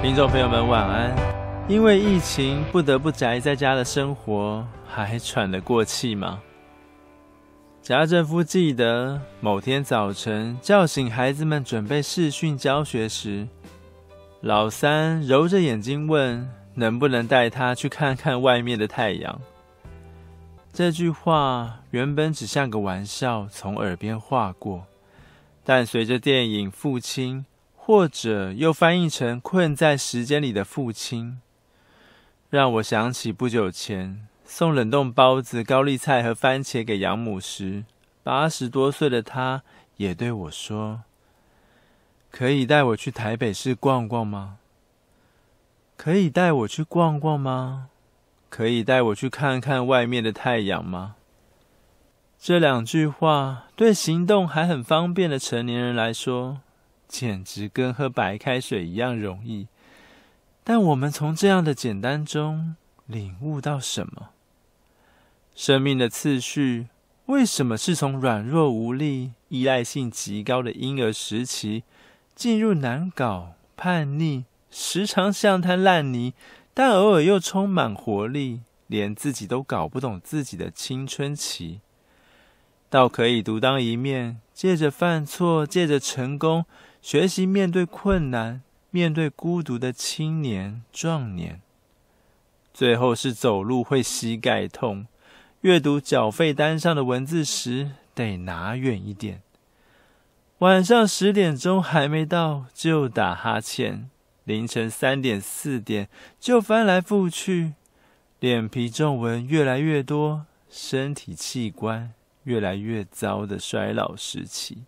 聽眾朋友們，晚安。因為疫情不得不宅在家的生活，還喘得過氣嗎？賈政夫記得某天早晨叫醒孩子們準備視訊教學時，老三揉着眼睛問：“能不能帶他去看看外面的太陽？”這句話原本只像個玩笑從耳邊劃過，但隨着電影《父親》。或者又翻譯成“困在時間裡的父親”，讓我想起不久前送冷凍包子、高麗菜和番茄給養母時，八十多歲的他也對我說：“可以帶我去台北市逛逛嗎？可以帶我去逛逛嗎？可以帶我去看看外面的太陽嗎？”這兩句話對行動還很方便的成年人來說。簡直跟喝白開水一樣容易，但我們從這樣的簡單中領悟到什麼？生命的次序為什麼是從軟弱無力、依賴性極高的嬰兒時期，進入難搞、叛逆、時常像灘爛泥，但偶爾又充滿活力，連自己都搞不懂自己的青春期，到可以獨當一面，借着犯錯，借着成功。學習面對困難，面對孤獨的青年壯年，最後是走路會膝蓋痛，閱讀繳費單上的文字時得拿遠一點。晚上十點鐘還沒到就打哈欠，凌晨三點四點就翻來覆去，臉皮皺紋越來越多，身體器官越來越糟的衰老時期。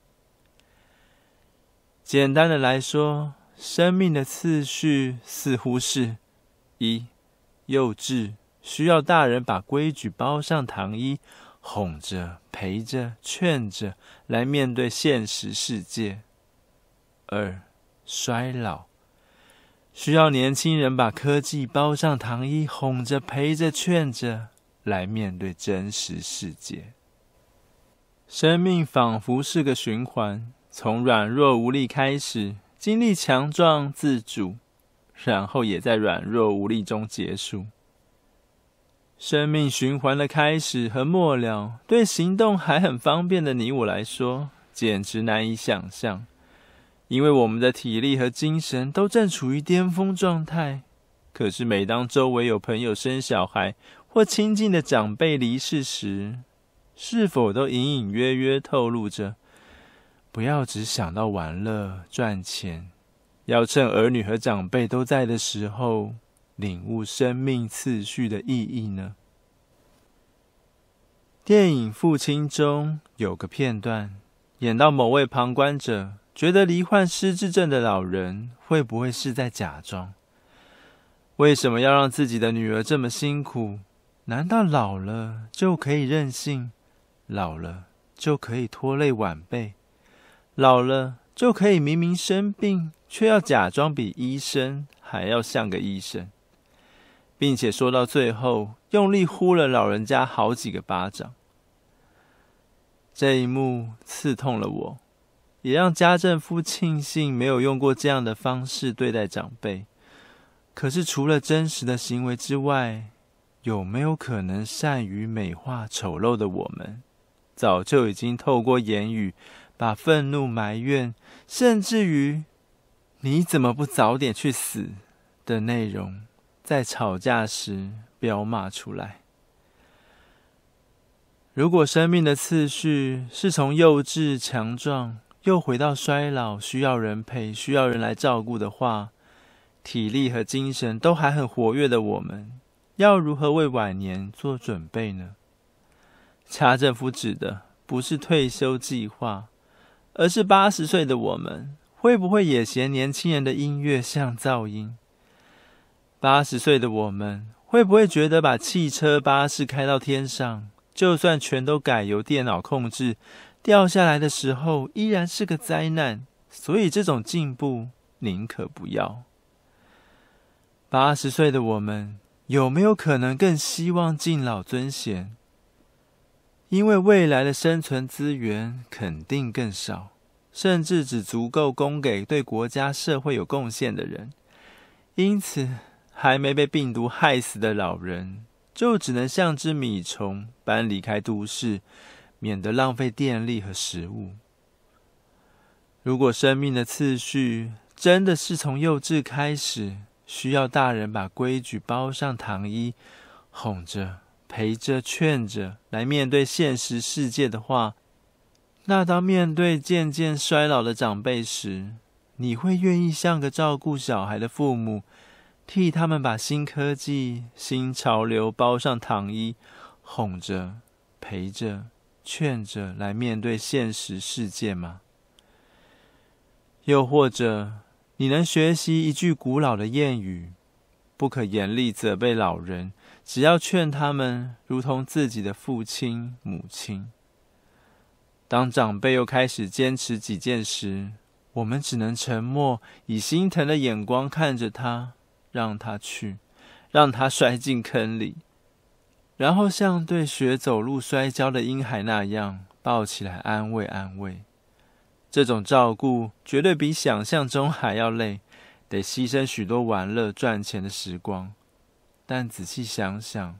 簡單的來說，生命的次序似乎是：一、幼稚需要大人把規矩包上糖衣，哄着、陪着、勸着來面對現實世界；二、衰老需要年輕人把科技包上糖衣，哄着、陪着、勸着來面對真實世界。生命仿佛是個循環。從軟弱無力開始，經歷強壯自主，然後也在軟弱無力中結束。生命循環的開始和末了，對行動還很方便的你我來說，簡直難以想象。因為我們的體力和精神都正處於巔峰狀態。可是，每當周圍有朋友生小孩或親近的長輩離世時，是否都隱隱約約透露着？不要只想到玩樂賺錢，要趁兒女和長輩都在的時候，領悟生命次序的意義呢。電影《父親》中有個片段，演到某位旁觀者覺得罹患失智症的老人會不會是在假裝？為什麼要讓自己的女兒這麼辛苦？難道老了就可以任性？老了就可以拖累晚輩？老了就可以明明生病，却要假裝比醫生還要像個醫生，並且說到最後，用力呼了老人家好幾個巴掌。這一幕刺痛了我，也讓家政夫慶幸沒有用過這樣的方式對待長輩。可是除了真實的行為之外，有沒有可能善於美化醜陋的我們，早就已經透過言語？把憤怒、埋怨，甚至於“你怎麼不早點去死”的內容，在吵架時飆罵出來。如果生命的次序是從幼稚、強壯，又回到衰老，需要人陪、需要人來照顧的話，體力和精神都還很活躍的我們，要如何為晚年做準備呢？查政府指的不是退休計劃。而是八十歲的我們，會不會也嫌年輕人的音樂像噪音？八十歲的我們，會不會覺得把汽車、巴士開到天上，就算全都改由電腦控制，掉下來的時候依然是個災難？所以這種進步，寧可不要。八十歲的我們，有沒有可能更希望敬老尊賢？因為未來的生存資源肯定更少，甚至只足夠供給對國家社會有貢獻的人，因此還沒被病毒害死的老人就只能像隻米蟲般離開都市，免得浪費電力和食物。如果生命的次序真的是從幼稚開始，需要大人把規矩包上糖衣，哄着。陪着、勸着來面對現實世界的話，那當面對漸漸衰老的長輩時，你會願意像個照顧小孩的父母，替他們把新科技、新潮流包上糖衣，哄着、陪着、勸着來面對現實世界嗎？又或者，你能學習一句古老的諺語，不可嚴厲責備老人，只要勸他們，如同自己的父親母親。當長輩又開始堅持己見時，我們只能沉默，以心疼的眼光看着他，讓他去，讓他摔進坑裡，然後像對學走路摔跤的嬰孩那樣抱起來安慰安慰。這種照顧絕對比想象中還要累。得犧牲許多玩樂賺錢的時光，但仔細想想，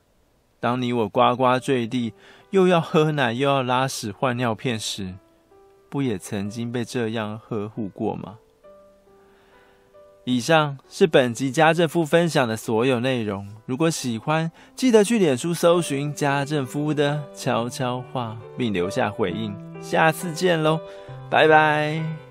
當你我呱呱墜地，又要喝奶又要拉屎換尿片時，不也曾經被這樣呵護過嗎？以上是本集家政夫分享的所有內容。如果喜歡，記得去臉書搜尋家政夫的悄悄話，並留下回應。下次見嘍，拜拜。